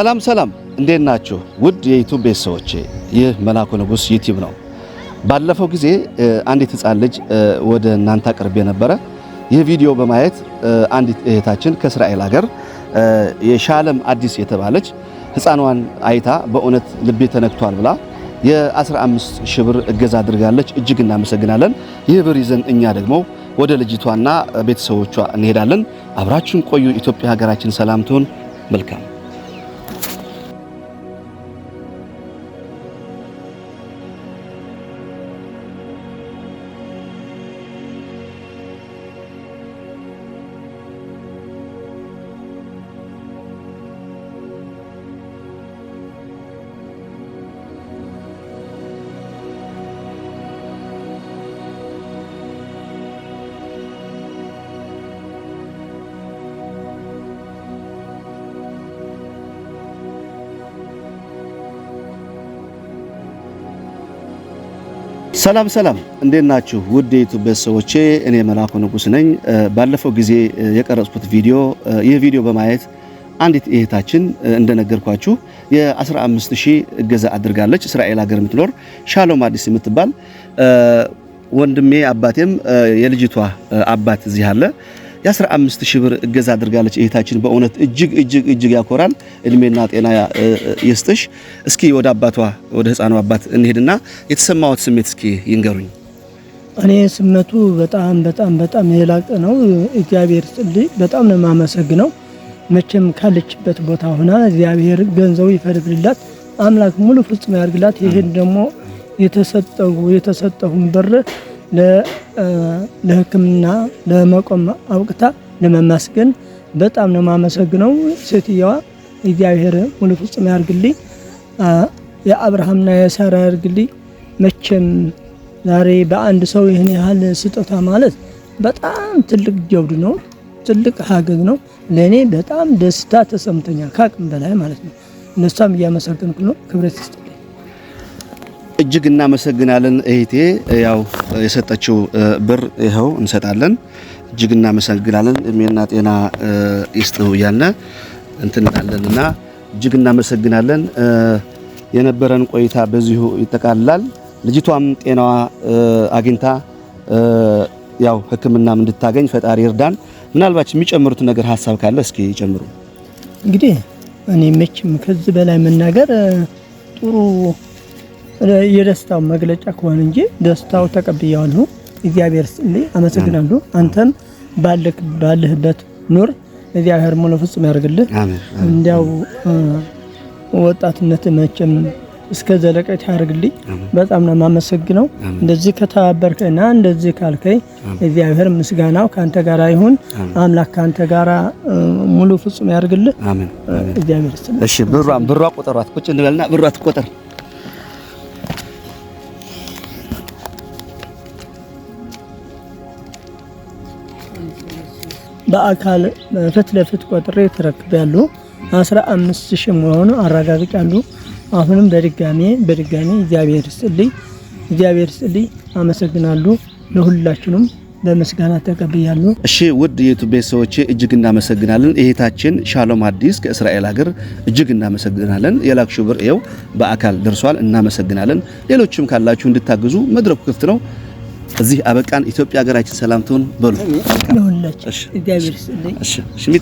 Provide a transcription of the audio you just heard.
ሰላም ሰላም፣ እንዴት ናችሁ? ውድ የዩቱብ ቤተሰቦቼ ይህ መላኩ ንጉስ ዩቲዩብ ነው። ባለፈው ጊዜ አንዲት ህፃን ልጅ ወደ እናንተ አቅርቤ ነበረ። ይህ ቪዲዮ በማየት አንዲት እህታችን ከእስራኤል ሀገር የሻለም አዲስ የተባለች ህፃኗን አይታ በእውነት ልቤ ተነክቷል ብላ የ15 ሺህ ብር እገዛ አድርጋለች። እጅግ እናመሰግናለን። ይህ ብር ይዘን እኛ ደግሞ ወደ ልጅቷና ቤተሰቦቿ እንሄዳለን። አብራችሁን ቆዩ። ኢትዮጵያ ሀገራችን ሰላም ትሁን። መልካም ሰላም ሰላም፣ እንዴት ናችሁ? ውድ የዩቱብ ሰዎቼ፣ እኔ መላኩ ንጉስ ነኝ። ባለፈው ጊዜ የቀረጽኩት ቪዲዮ ይህ ቪዲዮ በማየት አንዲት እህታችን እንደነገርኳችሁ የ15000 እገዛ አድርጋለች። እስራኤል ሀገር የምትኖር ሻሎም አዲስ የምትባል ወንድሜ አባቴም የልጅቷ አባት እዚህ አለ የ15 ሺህ ብር እገዛ አድርጋለች እህታችን። በእውነት እጅግ እጅግ እጅግ ያኮራል። እድሜና ጤና ይስጥሽ። እስኪ ወደ አባቷ ወደ ህፃኑ አባት እንሄድና የተሰማዎት ስሜት እስኪ ይንገሩኝ። እኔ ስሜቱ በጣም በጣም በጣም የላቀ ነው። እግዚአብሔር ስጥልኝ። በጣም ነው የማመሰግነው። መቼም ካለችበት ቦታ ሆና እግዚአብሔር ገንዘቡ ይፈርድላት፣ አምላክ ሙሉ ፍጹም ያርግላት። ይህን ደግሞ የተሰጠው የተሰጠሁን ብር ለሕክምና ለመቆም አውቅታ ለመማስገን በጣም ነው የማመሰግነው። ሴትየዋ እግዚአብሔር ሙሉ ፍጹም ያርግልኝ፣ የአብርሃምና የሳራ ያርግልኝ። መቼም ዛሬ በአንድ ሰው ይህን ያህል ስጦታ ማለት በጣም ትልቅ ጀብድ ነው፣ ትልቅ ሀገዝ ነው። ለእኔ በጣም ደስታ ተሰምቶኛል፣ ከአቅም በላይ ማለት ነው። እነሷም እያመሰገንኩ ነው። ክብረት እጅግ እናመሰግናለን እህቴ። ያው የሰጠችው ብር ይኸው እንሰጣለን። እጅግ እናመሰግናለን። እድሜና ጤና ይስጥህ እያልን እንትን እንላለን እና እጅግ እናመሰግናለን። የነበረን ቆይታ በዚሁ ይጠቃልላል። ልጅቷም ጤናዋ አግኝታ ያው ሕክምናም እንድታገኝ ፈጣሪ እርዳን። ምናልባት የሚጨምሩት ነገር ሀሳብ ካለ እስኪ ይጨምሩ። እንግዲህ እኔ መቼም ከዚህ በላይ መናገር ጥሩ የደስታው መግለጫ ከሆነ እንጂ ደስታው ተቀብያለሁ። እግዚአብሔር ስል አመሰግናለሁ። አንተም ባለህበት ኑር። እግዚአብሔር ሙሉ ፍጹም ያደርግልህ። እንዲያው ወጣትነት መቼም እስከ ዘለቀት ያደርግልኝ። በጣም ነው የማመሰግነው። እንደዚህ ከተባበርከና እንደዚህ ካልከኝ እግዚአብሔር ምስጋናው ከአንተ ጋር ይሁን። አምላክ ከአንተ ጋር ሙሉ ፍጹም ያደርግልህ። እግዚአብሔር እሺ። ብሯ ብሯ ቁጠሯት። ቁጭ እንበልና ብሯ ትቆጠር። በአካል ፊት ለፊት ቆጥሬ ተረክቤያለሁ። ያሉ አምስት ሺህ መሆኑ አረጋግጫለሁ። አሁንም በድጋሜ በድጋሜ እግዚአብሔር ስጥልኝ፣ እግዚአብሔር ስጥልኝ። አመሰግናለሁ። ለሁላችንም በምስጋና ተቀብያሉ እሺ ውድ የዩቱብ ቤተሰቦቼ እጅግ እናመሰግናለን። እህታችን ሻሎም አዲስ ከእስራኤል ሀገር እጅግ እናመሰግናለን። የላክሹ ብር ይኸው በአካል ደርሷል። እናመሰግናለን። ሌሎችም ካላችሁ እንድታግዙ መድረኩ ክፍት ነው። እዚህ አበቃን። ኢትዮጵያ ሀገራችን ሰላም ትሁን በሉ ለሁላችን። እሺ እሺ